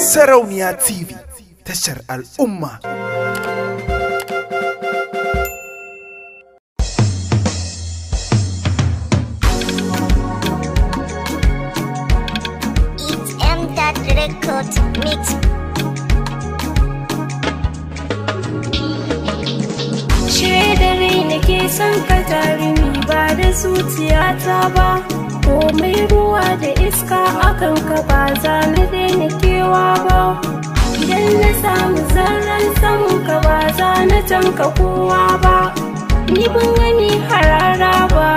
Sarauniya TV tashar al'umma. Record mix na nake son ka ba da zuciyata ba iska akan ka ba za na daina kewa ba idan na samu zaran samun ka ba za na tanka kowa ba ni ban gani harara ba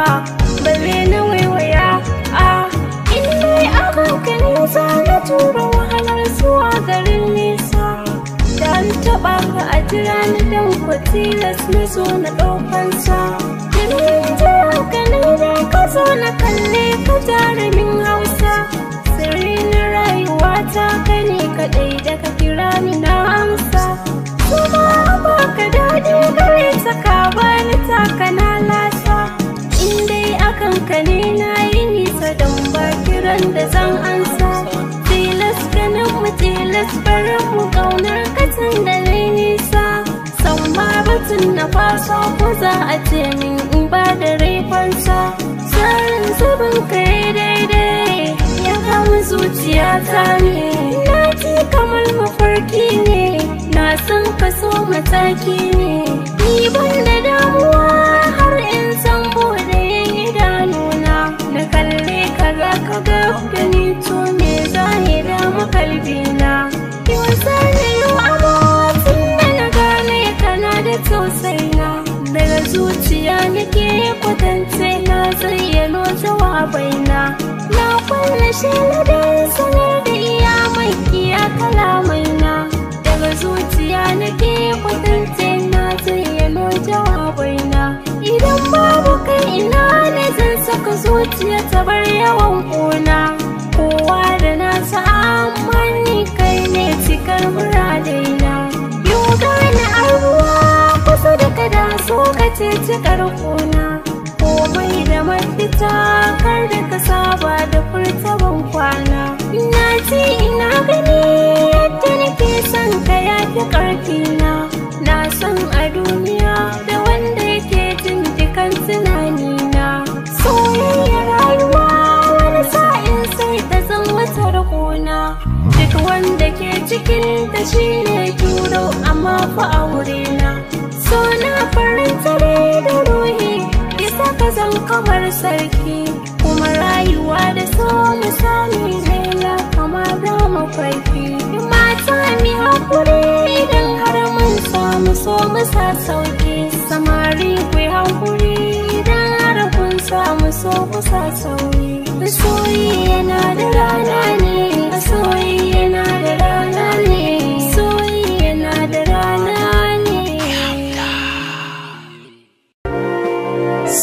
balle na waiwaya a inda akan ka ne za na tura wahalar zuwa garin nisa da an taɓa ka a jira na dan kwatilas na zo na ɗaukansa. Jirgin jiya ka ne ka zo na kalle ka jarumin kaɗai da ka kira ni na amsa kuma ba ka daɗi gare ta ka bani taka na lasa in dai akan ka ne na yi nisa don ba kiran da zan ansa tilas ganin mu tilas barin mu ƙaunar katin da na nisa san ma batun na faso ko za a ce min in ba da rai kwanta tsarin zubin kai daidai ya kama zuciya ta sake ne ni ban da damuwa har in san bude idanuna Da kalle ka za ka ga da to me za ni damu kalbina ki wasa ne abokin da na gane kana da tausaina daga zuciya nake kwatance na zayyano jawabaina na kwanne shi na zuciya ta bar yawan ƙuna kowa da na amani kai ne cikar muradaina yau gane ruwa kusa da kada so ka ce cikar ƙuna duk wanda ke cikin ta shi ne turo amma fa aure na so na farin tare da ruhi isa ka zan kamar sarki kuma rayuwa da so mu sami zaina kama da mafarki mata mi hakuri idan har mun samu so mu sa sauki samari ku hakuri idan har kun samu so ku sa sauki soyayya da rana